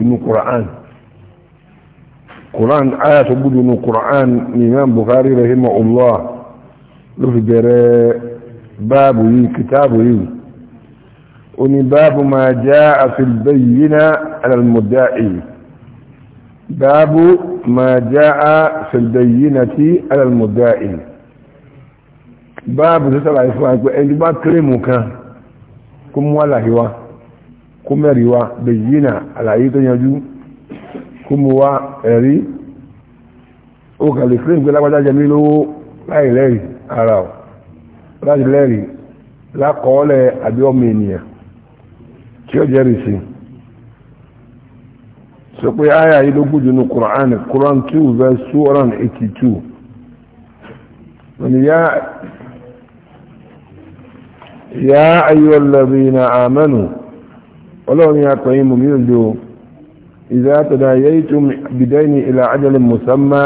من القرآن القرآن آية تبدو من القرآن إمام بخاري رحمه الله لفي جراء بابه كتابه ومن باب ما جاء في البينة على المدعي باب ما جاء في البينة على المدعي باب تسأل عفوانك وإن كريمك كم ولا هواه kó mẹ́rin wa bèyínà àlàyé tó yanjú kó mú wa ẹ̀rí ó kà lè fílẹ̀ ìgbé lágbájá jẹ mí lówó láì lẹ́rì ara ọ̀ láti lẹ́rì lákọọ́lẹ̀ àbí ọmọ ènìyàn tí ó jẹ́rìí sí sọ pé àyà yìí ló gùn jùnú Quran 2 verse 282 wọ́n ni يا أيها الذين آمنوا ọlọ́run ni àtọ̀yìn mú mi ò lò ìzá àtọ̀dá yẹ́yí tó bìdẹ́ni ìlà ajalin musamma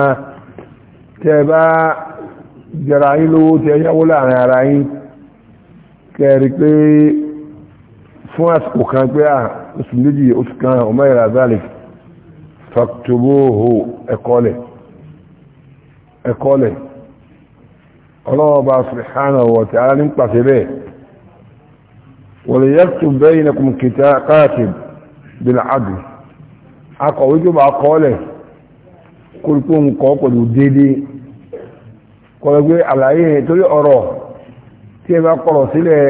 tẹ́ bá jẹra yín lówó tẹ́ yáwó láàrin ara yín kẹrì pé fún àsìkò kan pé à ah, oṣù méjì oṣù kan ọmọ ìlà zalik faktoboho ẹ̀kọ́lẹ̀ ẹ̀kọ́lẹ̀ ọlọ́wọ́ bá subhanahu wa ta'ala ní pàṣẹ bẹ́ẹ̀ وليكتب بينكم كاتب بالعدل akọ̀wé tó bá kọ́ọ̀lẹ̀ kúrùkú nǹkan pẹ̀lú dédé kọ̀lẹ̀gbé àlàyé torí ọ̀rọ̀ tí ẹ bá kọ̀rọ̀ sílẹ̀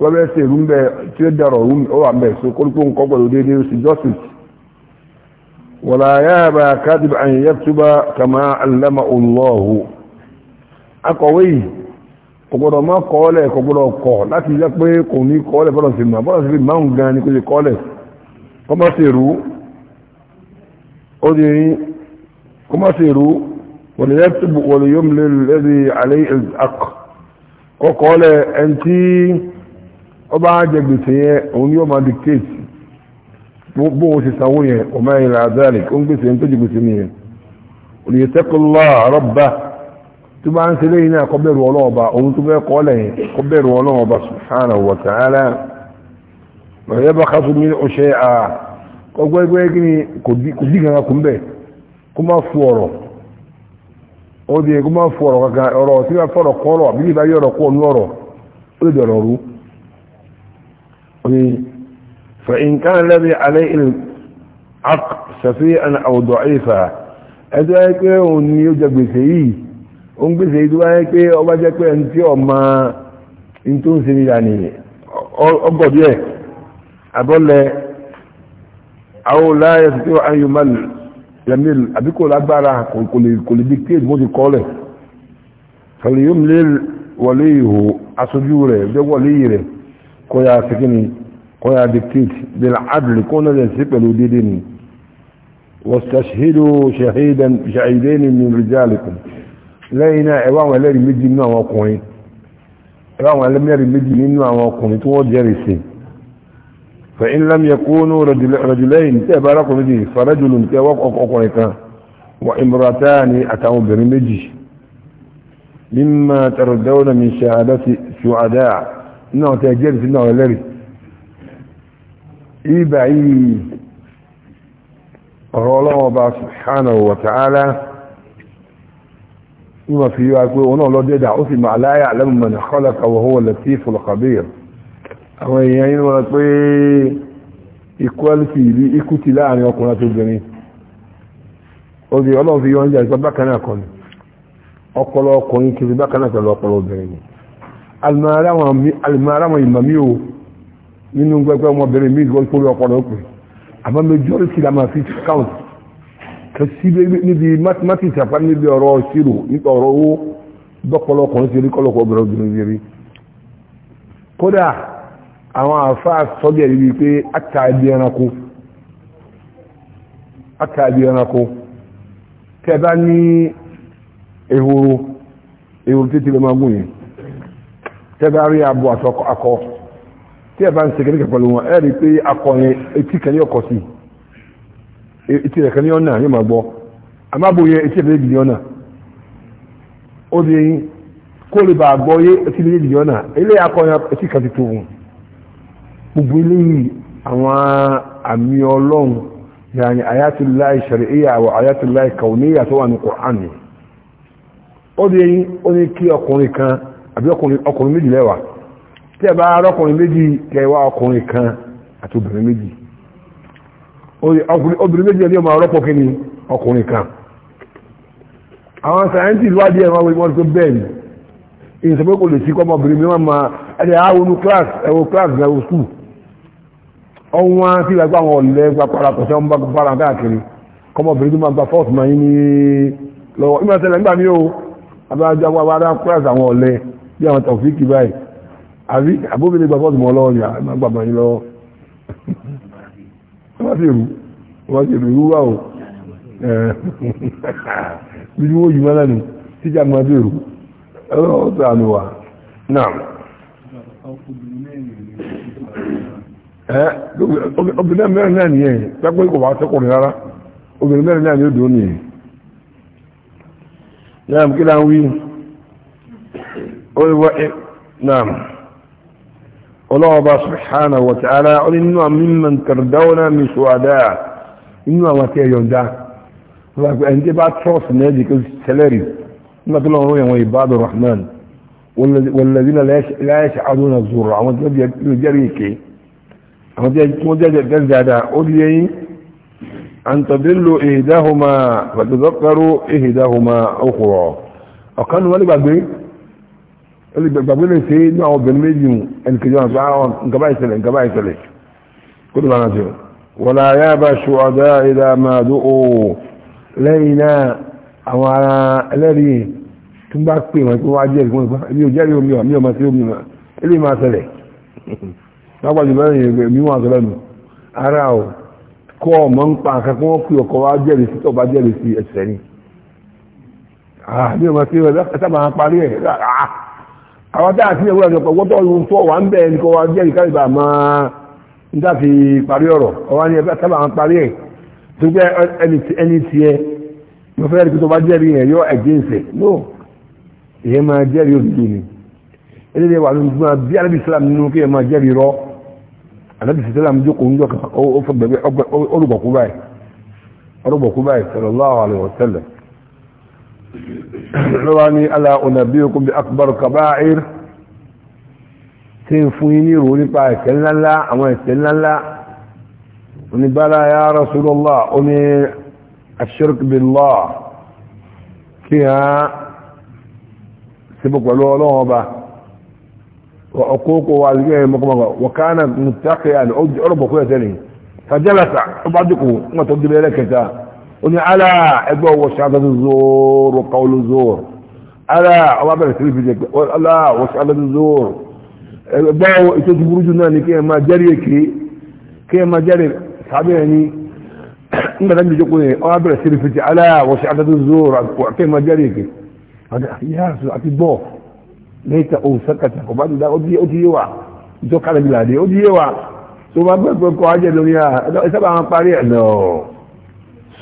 wẹ́bẹ̀ẹ́sẹ̀ rúmbẹ̀ tí ó dẹ̀rọ̀ wà mẹ́ so kúrùkú nǹkan pẹ̀lú dédé sí justice wala yaba katib ya yaktuba kama kò gbọdọ̀ má kọ́ọ́lẹ̀ kò gbọdọ̀ kọ̀ láti jẹ́ pé kò ní kọ́ọ́lẹ̀ bọ́dọ̀ sí ma bọ́dọ̀ sí lè máa ń gan ni kò lè kọ́ọ́lẹ̀ kọ́ má sì rú ó di kọ́ má sì rú wọ̀lẹ̀ yẹ́ tó wọ̀lẹ̀ yóò lè lẹ́bi alẹ́ ak kọ́ kọ́ọ́lẹ̀ ẹn tí ó bá jẹ gbèsè yẹn òun ni ó máa tó bá ń ṣe lẹ́yìn náà kó ohun tó bẹ́ kọ́ lẹ́yìn kó bẹ̀rù ọlọ́ọ̀ba subhanahu ọ̀yẹ́ bá kásù mí ọ̀ṣẹ́ à kọ́gbẹ́gbẹ́ kí kò dí kankan kún kó má fu ọ̀rọ̀ ó di kó má fu ọ̀rọ̀ kankan ọ̀rọ̀ tí wọ́n fọ̀rọ̀ kọ́ ọ̀rọ̀ kọ́ ọ̀nú ọ̀rọ̀ ó lè dọ̀rọ̀ ó ń gbèsè ìdúrà yẹn pé ọba jẹ́ pé ẹni tí ọmọ ní tó ń ṣe níyà ni ọgọ̀dí ẹ̀ abọ́lẹ̀ àwọn oláyẹ tí ó ayò máa yẹmíl àbí kò lágbára kò lè dictate bó ti kọ́ lẹ̀ fẹ̀lẹ̀ yóò lè wọlé ìhò aṣojú rẹ̀ jẹ́ wọlé yìí rẹ̀ kó ya sẹ́kìnì kó ya dictate bẹ̀rẹ̀ adìrì kó náà lè sí pẹ̀lú dédé ni wọ́n ṣàṣíhìdó ṣàhídẹ́ni min rijalikum lẹ́yìn náà ẹwà àwọn ẹlẹ́rìí méjì nínú àwọn ọkùnrin ẹwà àwọn ẹlẹ́rìí méjì nínú àwọn ọkùnrin tí wọ́n jẹ́rìí sí fa in lam yakunu rajulayn tẹ́ bá arákùnrin méjì fa rajulun tẹ́ ọkùnrin kan wa imratani àtàwọn obìnrin méjì mimma tardawna min shahadati shuhada náà tẹ́ jẹ́rìí sí náà ẹlẹ́rìí ibà yìí ọ̀rọ̀ ọlọ́wọ́ bá subhanahu wa ta'ala مما في يعقوب ونقول له ده ده أفي ما لا يعلم من خلق وهو اللطيف الخبير àwọn èèyàn yìí wọ́n pé equality ìlú equity láàrin ọkùnrin àti obìnrin obì ọlọ́run fi yọ́njà ìgbà bákan náà kan ọpọlọ ọkùnrin kiri bákan náà pẹ̀lú ọpọlọ obìnrin ni alìmọ̀ra wọn ìmọ̀ mí o nínú gbẹgbẹ ọmọbìnrin mi ìgbọ́n pólú ọpọlọ òkùnrin àmọ́ kẹsí níbi mathematics àpá níbi ọ̀rọ̀ ṣírò nípa ọ̀rọ̀ owó bọ́pọ̀lọpọ̀ ń ṣeré kọ́lọ̀kọ̀ obìnrin obìnrin ṣeré kódà àwọn àfáà sọ́bẹ̀ rí pé àtàbí ẹranko àtàbí ẹranko tẹ́ bá ní ehoro ehoro títí lè máa gùn yẹn tẹ́ bá rí abo àtọkọ akọ tí ń ṣe kékeré pẹ̀lú wọn rí pé akọ yẹn etí kan yóò sí i etí rẹ̀ kan ní ọ̀nà yóò máa gbọ́ àmàbòye etí rẹ̀ méjì ní ọ̀nà ó di kó lè bá gbọ́ yé etí rẹ̀ méjì ní ọ̀nà ti gbogbo ayatullahi ayatullahi kauniyya Qur'an ni ó di ó ní ọkùnrin kan àbí ọkùnrin méjì lẹ́wà tí ẹ bá arọ́kùnrin méjì kẹwàá ọkùnrin kan àti obìnrin obìnrin méjì ẹni ọmọ ọlọ́pọ̀ kí ni ọkùnrin kan àwọn sáyẹ́ntì ìwádìí ẹ̀rọ wọn tó bẹ́ẹ̀ ni èyí sọ pé kò lè sí kọ́ ọmọbìnrin mi máa ẹni àwọn class ẹ̀wọ̀ class ẹ̀wọ̀ school ọwọ́n sí ìgbàgbọ́ àwọn ọ̀lẹ́ gbapara kò sẹ́wọ́n bá gbapara káàkiri kọ́mọbìnrin tó máa gba fọ́ọ̀tù máa yín ní lọ́wọ́ ìmọ̀ ìṣẹ̀lẹ̀ nígbà mí o abájọ́ àwọn ará class àwọn wọ́n ti rú wọ́n ti rú wá o bí wọ́n yìí mọ́lá nù tíjà máa ti rú ọlọ́wọ́ tó àmì wà náà. obìnrin mẹ́rin náà nìyẹn pẹ́pẹ́ kò wá sọ́kùnrin rárá obìnrin mẹ́rin náà ni ó dùn nìyẹn. yàrá mi kí láwọn wí. ó lè wá ẹ náà. ولو الله سبحانه وتعالى انما ممن تردون من سواداء انما واتي يوندا فلاك انت با تروس نيديك سلري ما تقولون هو يوم عباد الرحمن والذين لا يشعرون الزرع وانت يجريك وانت يجريك وانت أن تضلوا إهداهما فتذكروا إهداهما أخرى وكانوا ولي بعد ẹni gbàgbé lè ṣe inú àwọn obìnrin méjì mu ẹni kejì wọn sọ àwọn ah, nǹkan báyìí ṣẹlẹ̀ nǹkan báyìí ṣẹlẹ̀ kó tó lọ́nà jù wọ́n la yá bá ṣù ọ̀dá ìdá máa dó o lẹ́yìn náà àwọn ará ẹlẹ́rìí tún bá pè wọ́n pé wọ́n á jẹ́rìí wọn mi ò jẹ́rìí omi mi ò máa ṣe omi mà eléyìí máa ṣẹlẹ̀ lágbàjù bẹ́ẹ̀ yẹn mi wọ́n àtọ́lẹ́ nu ara o kọ́ ọmọ ń pa àkà kí wọ́n pè ọkọ̀ wá jẹ́rìí sí tọ́ba jẹ́rìí sí ẹ̀sẹ̀ ni àbí ọmọ ṣe wọ́n sábà àwọn dáa sí ewúrẹ́ ọ̀pọ̀ wọ́tọ̀ ohun tó wà ń bẹ̀ ní kó wá jẹ́ ìkárìbà máa ń dáfi parí ọ̀rọ̀ ọwá ní ẹgbẹ́ sábà ń parí ẹ̀ tó jẹ́ ẹni tí ẹ mo fẹ́ rí tó bá jẹ́rí ẹ̀ yọ ẹ̀jẹ̀ ìsẹ̀ no ìyẹn máa jẹ́rí òdodo ni eléyìí wà lóun gbọ́n bí alábì sálàm nínú kí ẹ máa jẹ́rí rọ alábì sálàm jókòó ń jọ kan ó fẹ́ gbẹgbẹ ọrùbọ̀kú báyìí lọ́wọ́ni ala unabiyukum bi akbar kaba'ir tí ń fún yín ní ìrò nípa ẹ̀kẹ́ ńláńlá àwọn ẹ̀kẹ́ ńláńlá oníbàlá ya rasulullah oní ashirk billah kí ha síbò pẹ̀lú ọlọ́wọ́ ọba wa ọkọ̀ọ̀kọ̀ wa alìgbẹ́ ẹ̀yẹ mọ́kànlá wa kánà mutaqiyan ọ̀rọ̀bọ̀kọ̀ ẹ̀tẹ́lẹ̀ fajalasa ọba dùkù wọn tó dìbẹ̀ oní alá ẹgbẹ́ ọwọ́ ṣáàtàtù zóòrò kọlu zóòrò alá ọba bẹ̀rẹ̀ sí ìfìdí pé alá ọwọ́ ṣáàtàtù zóòrò ẹgbẹ́ ọwọ́ ìṣẹ́ ti burú jù náà ni kí ẹ máa jẹ́rìí èké kí ẹ máa jẹ́rìí sábẹ́ ẹni nígbà tán jòkó yẹn ọba bẹ̀rẹ̀ sí ìfìdí alá ọwọ́ ṣáàtàtù zóòrò kí ẹ máa jẹ́rìí èké yáàsù àti bọ́ lẹ́tà òun sẹ́kàtà kò bá dùdá ó ti ó ti yé wa tó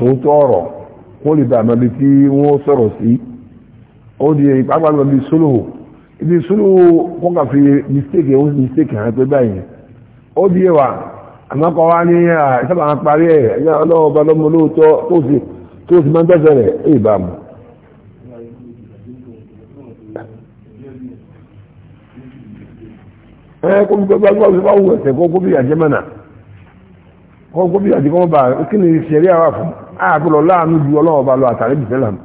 sòótọ́ ọ̀rọ̀ wọ́n lè dàmọ́ bí tí wọ́n sọ̀rọ̀ sí ó di bí ibi sólòwò wọ́n fi mistake ó mistake hàn pé báyìí ó di ẹwà àmọ́kọ̀ wá ní ìsábà wọn parí ẹ̀ ẹ̀yà ọlọ́ọ̀bá lọ́mọ lóòótọ́ tó sì tó sì máa ń rẹ̀ bá mu. ẹ àgbọ̀lọ̀ láàánú ju ọlọ́wọ́ bá lọ àtàrí bìtẹ́lá mi.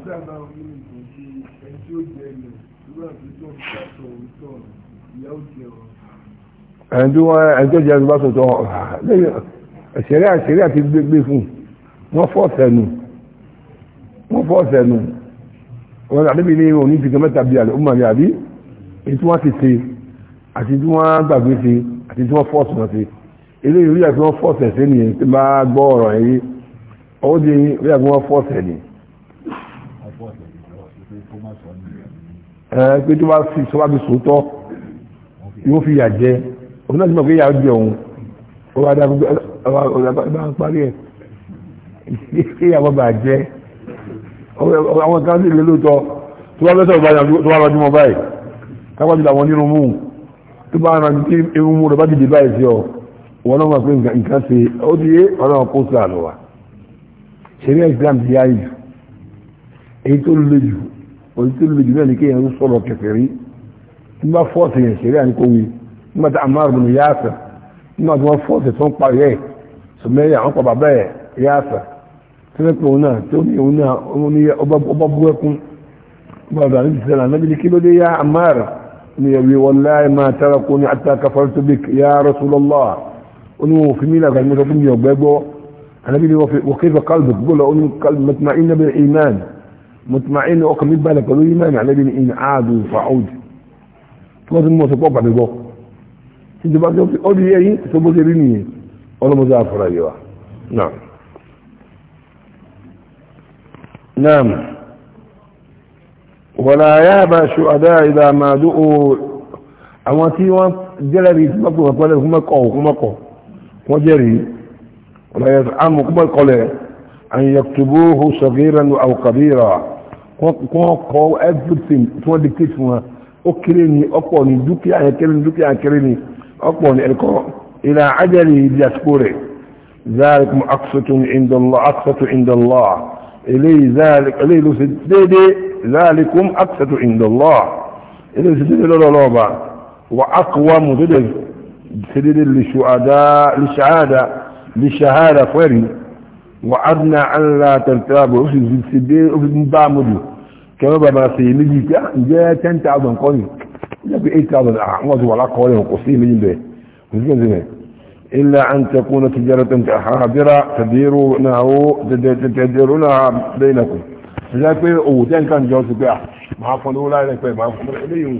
ẹni tó wọ́n ẹni tó jẹ́ ẹni bá sọ tọ́ ṣẹ̀ríà ṣẹ̀ríà ti gbé fún wọ́n fọ́ sẹ́nu wọ́n fọ́ sẹ́nu wọ́n àdébí ní òní ti kẹ́ mẹ́ta bí i ọmọ mi àbí èyí tí wọ́n ti ṣe àti tí wọ́n gbàgbé ṣe àti tí wọ́n fọ́ọ̀sì wọn ṣe eléyìí rí àti wọ́n fọ́ọ̀sì ẹ̀ṣẹ́ nìyẹn tí máa gbọ́ ọ̀rọ̀ ẹ̀yìn ó di bí agbọn wọn fọ́ọ̀sẹ̀ ni ẹ pé tó bá fi sọ bá fi sòótọ́ yóò fi yà jẹ òun náà ti mọ̀ pé yà á jẹ òun ó bá dáa bá ń parí ẹ̀ kí àwọn bá jẹ àwọn kan sì lè lóòótọ́ tó bá fẹ́ sọ̀rọ̀ báyìí tó bá rọjú mọ́ báyìí káwọn ti làwọn nínú mú tó bá rọjú tí irun mú rẹ bá dìde báyìí sí ọ wọn náà mọ̀ pé nǹkan ṣe ó di ọlọ́run kó sàánù wa ṣẹlẹ̀ islam ti yáyì jù èyí tó lè jù òyí tó lè jù náà ní kí èèyàn sọ̀rọ̀ kẹfẹ́ rí tí wọ́n fọ́ọ̀sì yẹn ṣẹlẹ̀ àní kò wí nígbà tí Ammar bin Yasir nígbà tí wọ́n fọ́ọ̀sì tó ń pa yẹ sọmẹ́yà wọ́n pa bàbá yẹ Yasir tí wọ́n pe òun náà tó ní òun náà òun ní ọba bú ẹkún bàbá mi ti sẹ́nà nábìlì kí ló dé yá Ammar ni yẹ wí wallahi ma tarakuni hatta kafartu bik ya Rasulullah ó ní wọn ò fi mí làgbà النبي وكيف قلبك قل له قلب مطمئن بالإيمان مطمئن وقم بالك قالوا إيمان يعني النبي إن عادوا فعود لازم موسى بابا بعد ذوق أنت بعد ذوق أول يأي ثم تريني ولا مزافر أيوة نعم نعم ولا يابى شهداء إذا ما دعوا أواتي وجلبي تبقوا وقالوا هم قوة هم قوة وجري ولا يزعموا كما يقول أن يكتبوه صغيرا أو كبيرا كو everything تو يعني إلى عجل يذكره ذلك أقصة عند الله أقصة عند الله الي ذلك إلي لسدد ذلكم أقصة عند الله إلي لسدد لولوبا وأقوى مدد سدد للشهداء للشهادة للشهادة فوري وعدنا أن لا ترتابوا وفي السبيل وفي المبامد كما بما سيمجي جاء 10,000 قولي جاء ب 8,000 أعوض ولا قولي وقصي من به إلا أن تكون تجارة حاضرة تديرونه تديرونها بينكم ìjẹ́ pé òwò tẹ́ nǹkan jọ sí pé à máa fún lówó láìlẹ́ pé máa fún lówó eléyìí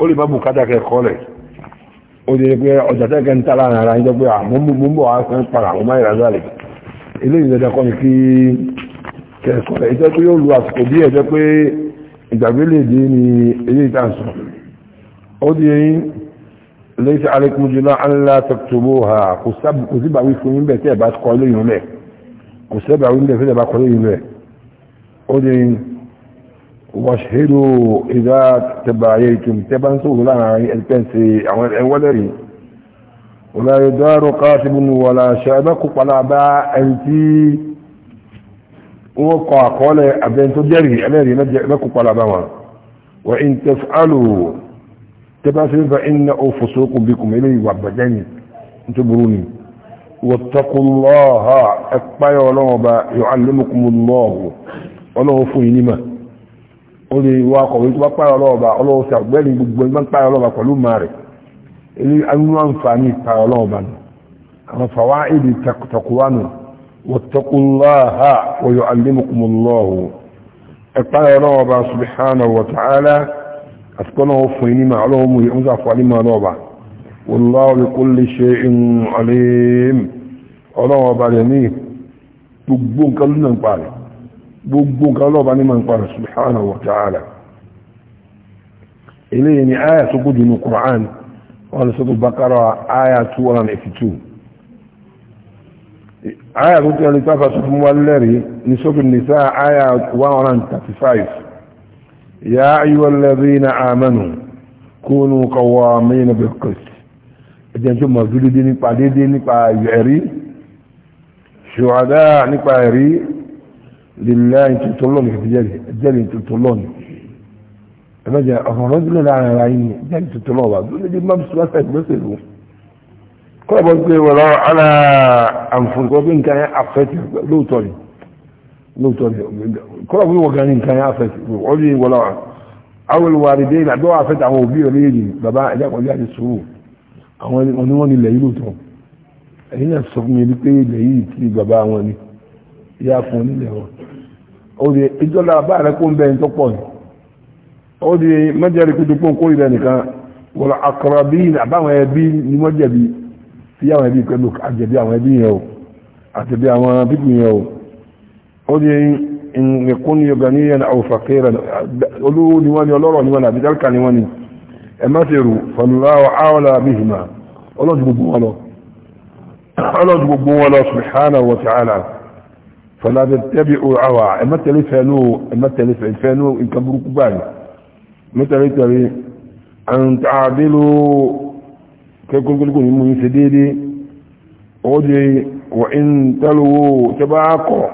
ó lè má bùkátà kẹ́kọ́ rẹ̀ òdìrí pé ọjà tẹ́kẹ́ ń tàbí ara ìjọ pé àmúmbò àásán padà ọmọ ìrànlẹ̀ ilé ìrẹ̀dẹ̀ ní kí kẹ́ẹ̀kọ́ rẹ̀ ìjọ pé yóò lu àsìkò bí ẹ̀jọ́ pé ìgbàgbélèdè ni ilé ìtànsọ ó di eyín lẹ́sẹ̀ ńlá ha kò fún tẹ́ ẹ̀ bá kọ́ rẹ̀ kò fún tẹ́ ẹ̀ bá kọ́ rẹ̀ ó di eyín واشهدوا إذا تبايتم تبنسوا لنا الكنسي الولري ولا يدار قاسب ولا شابك ولا باء أنتي وقع قول أبين تجري الذي نجع لك ولا باء وإن تفعلوا تباسل فإنه فسوق بكم إليه وابداني تبروني واتقوا الله أكبر ولوبا يعلمكم الله ولو فينما ó lè wá kọ̀wé tó bá pààrọ̀ ọlọ́ọ̀bà ọlọ́wọ́ sí àgbẹ́ni gbogbo ẹgbẹ́ ń pààrọ̀ ọlọ́ọ̀bà pẹ̀lú máa rẹ̀ ilé anú àǹfààní pààrọ̀ ọlọ́ọ̀bà nù àwọn fàwa èdè takuwa nù wọ́tọ́kùnláha wọ́yọ̀ alẹ́mùkùnmọ́lọ́hù ẹ pààrọ̀ ọlọ́ọ̀bà subhanahu wa ta'ala àtikọ́nà òfin ní gbogbo nǹkan ọlọ́ọ̀bá ní máa ń parọ̀ subhanahu wa ta'ala eléyìí ni aya tó gbójú ní Qur'an wọn sọ tó Bakara aya 282 aya tó tẹ́lẹ̀ tábà sọ fún wa lẹ́rìí ní sọ́tò nìsá aya 135 ya ayyuhal ladhina amanu kunu qawwamina bil qist ẹjẹ́ tó mọ̀ dúdú nípa dédé nípa ẹ̀rí ṣùwádá nípa ẹ̀rí لله تطلوني في جالي جالي تطلوني أبدا أخرج لنا على عيني جالي تطلوني بعض دول دي مبس بس مثلا قال بقول ولا على أنفسكم إن كان أفت لو تولي لو تولي كل بقول وكان إن كان أفت قولي ولا أول واردين دعوا أفت عمو بي وليدي بابا إذا قولي هذه السرور àwọn ẹni wọn هنا ilẹ̀ yìí lóòótọ́ ẹ̀yìn náà sọ ìyá fún onílẹ̀ wọn ó di ìjọba bá rẹ kó ń bẹ ní tó pọ̀ ní ó di mẹ́jẹ̀rí kó dupò kó ìrẹ nìkan wọ́n akọrọbí àbáwọn ẹbí ni wọ́n jẹ̀bi sí àwọn ẹbí pẹ̀lú àjẹbí àwọn ẹbí yẹn o àjẹbí àwọn bíbí yẹn o ó di ìrìnkún yorùbá ní yẹn àwọn fàkẹ́rẹ̀ olówó ni wọ́n ni ọlọ́rọ̀ ni wọ́n ni àbíjálkà ni wọ́n ni ẹ má ṣe rò fọlùláwọ̀ ọlọ́dún gbogbo wọn lọ subhanahu wa ta'ala ولا تتبعوا عوا اما تلف فانو اما تلف فانو ان كبروا كبار مثل تري ان تعدلوا كيكون كل كل من سديدي ودي وان تلو تباقوا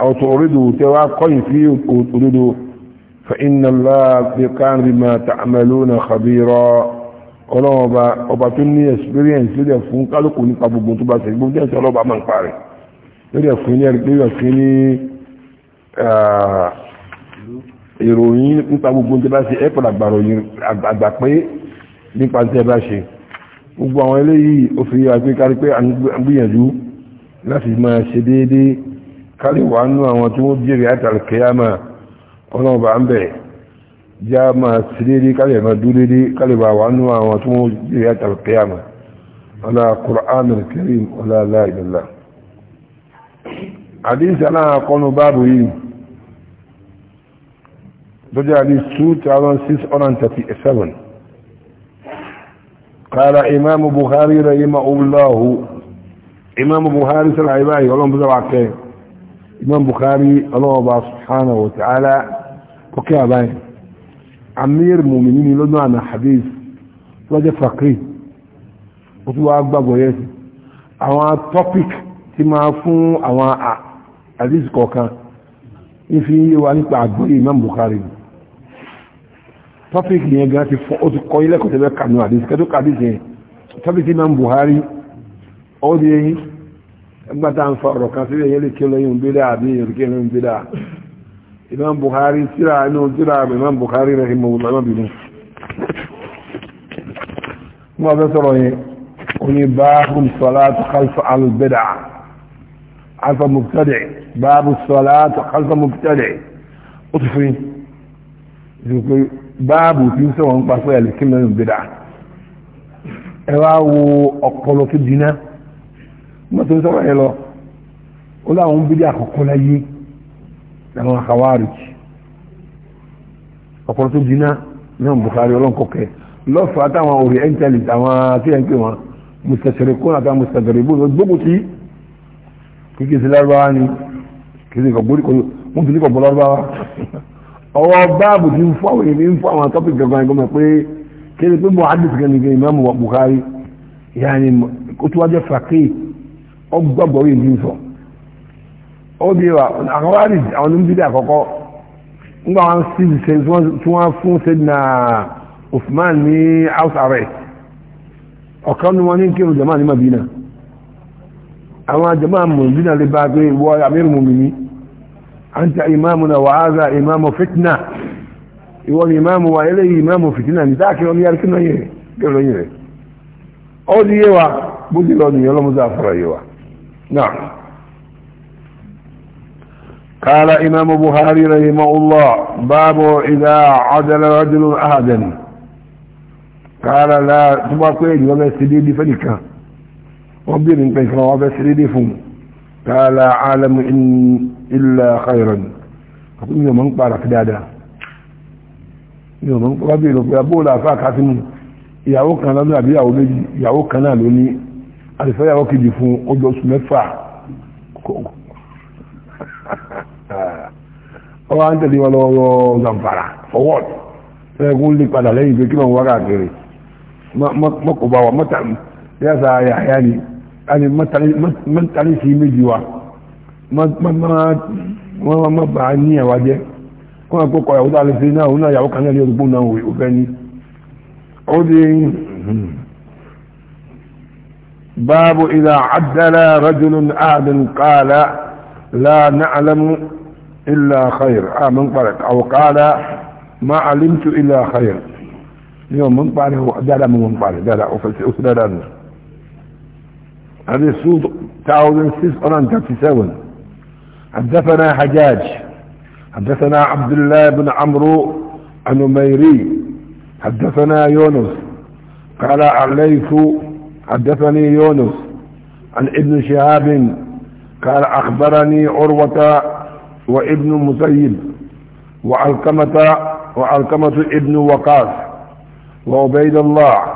او تعرضوا تواقعوا في وتردوا فان الله كان بما تعملون خبيرا ọlọ́wọ́ ọba ọba tó ní experience lórí ẹ̀fún kálùkù nípa gbogbo tó bá ṣe gbogbo ẹ̀ṣọ́ ọlọ́ba máa ń parí lórí ọ̀fún ní lórí ọ̀fún ní ìròyìn nípa gbogbo tí bá ṣe ẹ́pọ̀lá àgbà pé nípa tí ẹ bá ṣe gbogbo àwọn eléyìí ó fi yíwa pé kárí pé àgbìyànjú láti máa ṣe déédéé kárí wà nú àwọn tí wọ́n jèrè àtàlù kẹyàmà ọlọ́ọ̀bà ń bẹ̀ já máa ṣe déédéé kárí ẹ̀mọ́ dúró déédéé kárí wà nú àwọn tí wọ́n jèrè àtàlù kẹyàmà ọlá Qur'anul Karim ọlá la ilaha àdíṣì aláàkọ́nù báàbù yìí tó jẹ́ àdíṣ 2637 قال إمام بخاري رحمه الله إمام بخاري سلع عباية اللهم بزرع كيف إمام بخاري الله سبحانه وتعالى وكيف عباية عمير مؤمنين لدنا عن حديث وجه فقيه وتبقى أكبر ويسي àwọn topic ti máa fún àwọn àdísì kọ̀ọ̀kan ìfi wa nípa àgbóyè Imam Bukhari tọ́pìkì yẹn gan ti fọ́ ó ti kọ́ ilẹ́kọ̀ọ́ tẹ́lẹ̀ kànú àdísì kẹ́tọ́ kàdísì yẹn tọ́pìkì Imam Bukhari ó di eyín ẹgbàtà ń fa ọ̀rọ̀ kan sí ẹ̀yẹ́ lè kí lóyún bídà àbí ẹ̀yẹ́ lè kí lóyún bídà Imam Bukhari síra inú síra Imam Bukhari rẹ̀ ìmọ̀ òun lọ́wọ́ bìnú mo fẹ́ sọ̀rọ̀ yẹn oní bá kùn sọ́lá tó kálífà alùbẹ́dà alfa mubtadi' باب الصلاة خلف مبتدع أطفي باب في سوى مقاصة لكلمة البدع ẹwàwò ọ̀pọ̀lọ̀ tó dínà mọ́tò ń sọ́rọ̀ ẹ lọ ó láwọn bídí àkọ́kọ́ láyé àwọn àkàwárìkì ọ̀pọ̀lọ̀ tó dínà náà Bukhari ọlọ́nkọ̀kẹ́ lọ́fà táwọn orientalist àwọn tí ẹ̀ ń pè wọn mustachirikun àtàwọn mustachirikun gbogbo tí kìkì sí lárúbáwá ni kìí kọ gbórí kọlu wọn fi ní kọ bọlọ bá wa ọwọ báàbù ti ń fọ àwọn èmi ń fọ àwọn tọpì gangan ẹgbẹ pé kéde pé muhammed kan nìkan imaamu Bukhari yaani o tún wá jẹ fàkì ọgbàgbọ yìí ti ń sọ ó bí wa àkọwárí àwọn ní bídà àkọ́kọ́ ńgbà wọn sì ṣe tí wọn fún sẹdínà Usman ní house arrest ọkàn ni wọn ní kírun jama ní Madina àwọn jama mọ̀ nínú àlebá pé wọ́n amẹ́rùmọ̀mí ni. أنت إمامنا وهذا إمام فتنة هو الإمام وإليه إمام فتنة ذاك يوم يركنا إيه قالوا إيه أودي إيه بودي لوني يلا مزافر إيه نعم قال إمام بخاري رحمه الله باب إذا عدل رجل أحدا قال لا تبقى كويل وما سديدي فلك ربي من كيف وما سديدي فلك قال عالم إن إلا خيرا أقول يوم أنقبارك دادا yóò mọ̀ nípa bí ìlòpẹ́ abóòlà àfáàkà sínú ìyàwó kan lọ́nà àbí ìyàwó méjì ìyàwó kan náà ló ní àdìfẹ́ ìyàwó kejì fún ọjọ́ oṣù mẹ́fà ọwọ́ à ń wọn lọ́wọ́ zamfara forward ẹ̀kún lè padà lẹ́yìn pé kí wọ́n wá káàkiri mọ́kò bá wà mọ́ta yẹ́sà yàyà ni ani man tali si mi di wa man ma ba ni e wa je kon باب إذا عدل رجل أهد قال لا نعلم إلا خير آه من قالت أو قال ما علمت إلا خير يوم من قاله دلا من قاله دلا أفسد أفسد أفسد هذه السود تعود سيس حدثنا حجاج حدثنا عبد الله بن عمرو النميري حدثنا يونس قال عليك حدثني يونس عن ابن شهاب قال أخبرني عروة وابن مسيب وعلقمة وعلقمة ابن وقاص وعبيد الله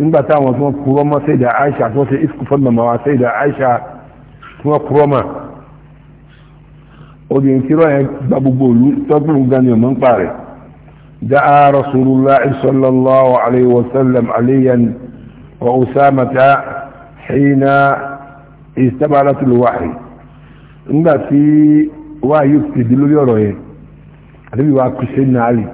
nígbà táwọn tí wọ́n kúrọ́ mọ́ Sayyida Aisha tí wọ́n ṣe iskú fún mọ̀mọ́ wa Sayyida Aisha tí wọ́n kúrọ́ mọ́ obìnrin kírọ́ yẹn gba gbogbo òlu tọ́gbọ̀n gan ni ọmọ ń parẹ́ da'a Rasulullah sallallahu alayhi wa sallam aliyan wa Usamata hina istabalatul nígbà tí wáyé ti di lórí ọ̀rọ̀ yẹn àdébíwá kùsẹ́ nàálì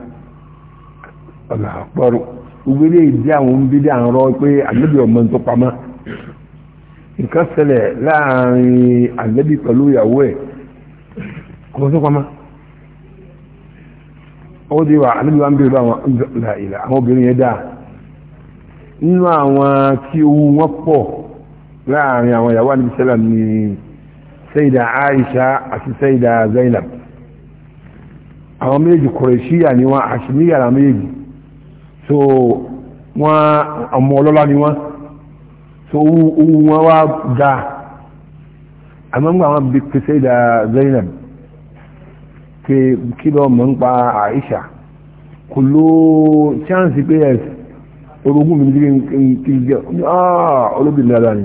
ọ̀là àpọ̀rọ̀ ìwéré ìdí àwọn bídí à ń rọ pé ànábì ọmọ tó pamọ́ nǹkan ṣẹlẹ̀ láàrin ànábì pẹ̀lú ìyàwó ẹ̀ ọmọ tó pamọ́ ó di wa ànábì wa ń bèrè báwọn ìlà ìlà àwọn obìnrin yẹn dáa nínú àwọn tí owó wọn pọ̀ láàrin àwọn ìyàwó ànábì sẹ́lẹ̀ ní sẹ́yìdà Aisha àti sẹ́yìdà Zainab àwọn méjèèjì kọ̀rẹ̀ṣíyà ni wọn àṣìníyà làwọn méjèèjì so wọ́n ọmọ ọlọ́lá ni wọ́n so owó wọn wá ga àmọ́ nígbà wọn bí pèsè ìdá Zainab kí lọ mọ̀ ń pa Aisha kò ló chance pé ẹ̀ orogún mi ní kí n jẹ́ ah, olóbìnrin dáadáa ni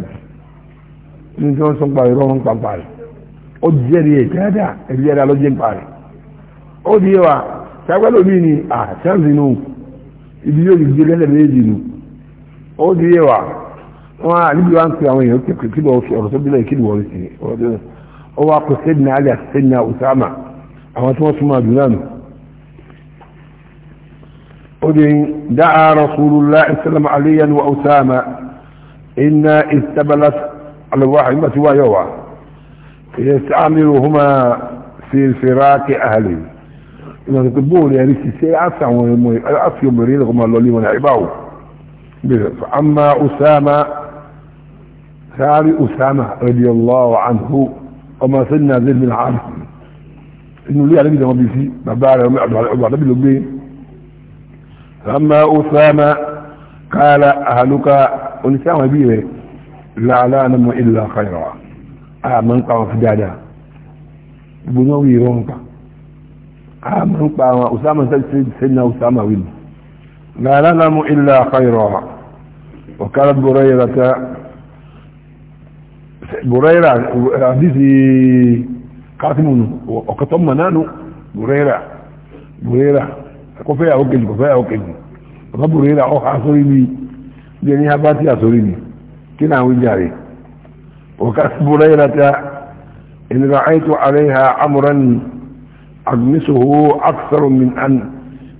ní tí wọ́n sọ ń pa ìrọ̀ wọn pa pa rẹ̀ ó jẹ́rìí ẹ̀ dáadáa ẹ̀rí ẹ̀dá lọ́jẹ́ ń pa rẹ̀ ó di wa ṣàgbẹ́ lómi ni à ah, chance nù. No. ibi yóò gbé lẹ́lẹ̀ méjì nù ó di yé wa wọn à níbi wa ń pe àwọn èèyàn kí kí lọ sọ ọ̀rọ̀ tó bí lẹ́yìn kí ni wọ́n rí sí ọ̀rọ̀ tó ó wá kó sẹ́dínà Ali àti sẹ́dínà Usama àwọn tí wọ́n súnmọ́ àdúrà nù. ó di dáa Rasulullah ìsàlámù aliyan wa Usama iná ìsàbàlá alùwà àyùmọ̀ tí wáyọ̀ wa yẹ sàmìlú huma fi fìrà kí ahàlì. ìlànà pé bóòlù ẹ̀rí sì ṣe àṣà àwọn ọmọ àṣì obìnrin lọ́kọ́ máa lọlé wọn àìbáwò bẹ̀rẹ̀ amma usama sáré usama radiyallahu anhu ọmọ sẹ́yìn azẹ́ bin hàbí inú ilé àdébìtì wọn bí sí bàbá rẹ̀ ọmọ àdébìtì ló gbé amma usama kala ahaluka oníṣẹ́ àwọn ẹbí rẹ̀ làálà nàmú illa khayra àmọ́ nǹkan fi dáadáa gbogbo náà wí ìrọ̀rùn kan àmà ń pa àwọn Usama sẹ́yìnà Usama wìlì la na'lamu illa khayra wa qala Buraira ta Buraira àdìsí kátìmùnù ọ̀kọ̀tọ̀ mọ̀ nánú Buraira Buraira kò fẹ́ àwọn kejì kò fẹ́ àwọn kejì ọ̀kọ̀ Buraira ọ̀hà sórí mi bí ẹni abátí àsórí mi kí náà wí jàre wa qala Buraira ta in ra'aytu 'alayha amran أجنسه أكثر من أن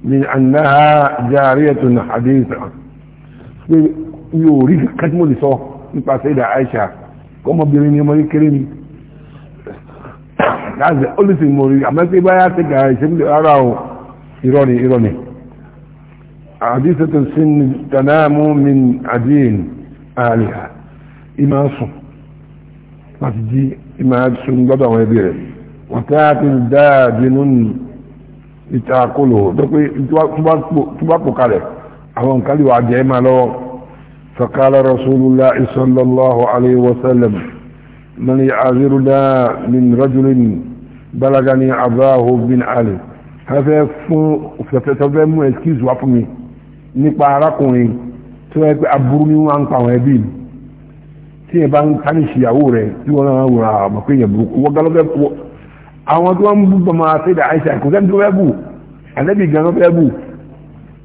من أنها جارية حديثة يوريك كتمو لسوه nípa sẹ́dà Aisha kọmọbìnrin ni ọmọ kékeré ni láti olùsì mọ̀rí àmọ́sí báyá sẹ́dà ìṣẹ́lẹ̀ ara ọ̀ ìrọ̀nì ìrọ̀nì àdísẹ́tọ̀ sí tànáàmú min àdíyìn àlìyà ìmá sùn láti jí ìmá sùn gbọ́dọ̀ àwọn ẹbí rẹ̀ wàtáàtì dáàbínú ní ìtàkùlù tó pé tó bá pò kalẹ̀ àwọn nǹkan lè wà jẹ́ ma lọ́wọ́ فقال رسول الله صلى الله عليه وسلم من يعذرنا من رجل بلغني عذاه بن علي fẹ́ fún òfẹ́fẹ́ mú excuse wá fún mi nípa arákùnrin tó yẹ pé aburú ni wọ́n ń pa àwọn ẹbí tí yẹn bá ń tánìṣì rẹ̀ tí wọ́n náà wòrà àmọ́ pé yẹn burúkú wọ́n gálọ́fẹ́ àwọn tó wọ́n bú bọmọ àfẹ́dà àìsà kò sẹ́ni tó fẹ́ bù àlẹ́bì gan ló fẹ́ bù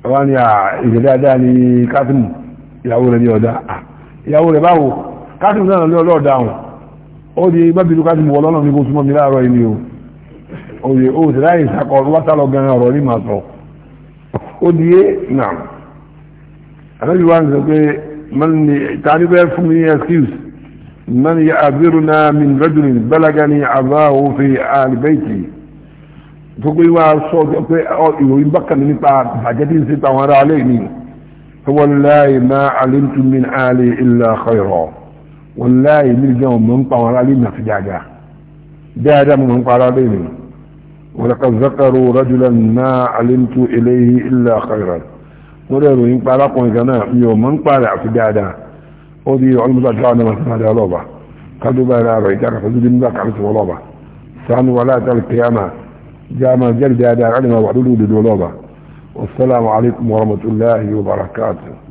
àwọn ni ìjọba dáa ní kátìmù ìyàwó rẹ̀ ní ọ̀dá ìyàwó rẹ̀ báwo kátìmù náà lọ lọ́ọ̀dá wọn ó di gbábìlú kátìmù ọlọ́nà ní kó súnmọ́ mi láàárọ̀ ilé o ó di ó sì láyé ìsakọ̀ wátálọ gan ọ̀rọ̀ ní màá sọ ó di é náà àlẹ́bì wa ń sọ pé ta ni fẹ́ fún mi excuse من يعذرنا من رجل بلغني عذاه في آل بيتي فقل وعصوك يوين بكا ننطع حاجتين ستا وراء عليني فوالله ما علمت من آلي إلا خيرا والله من الجوم من طور علينا في جاجة دادا من طور علينا ولقد ذكروا رجلا ما علمت إليه إلا خيرا ولكن يقول لك أنا يوم من طور في جاجة ودي علم ذات لعنة مثلا هذا لوبة قد بقى لا رأي جاك فزود من ذاك عمس ولوبة سعن ولا تل القيامة جامع جلد هذا علم وحدود ولوبة والسلام عليكم ورحمة الله وبركاته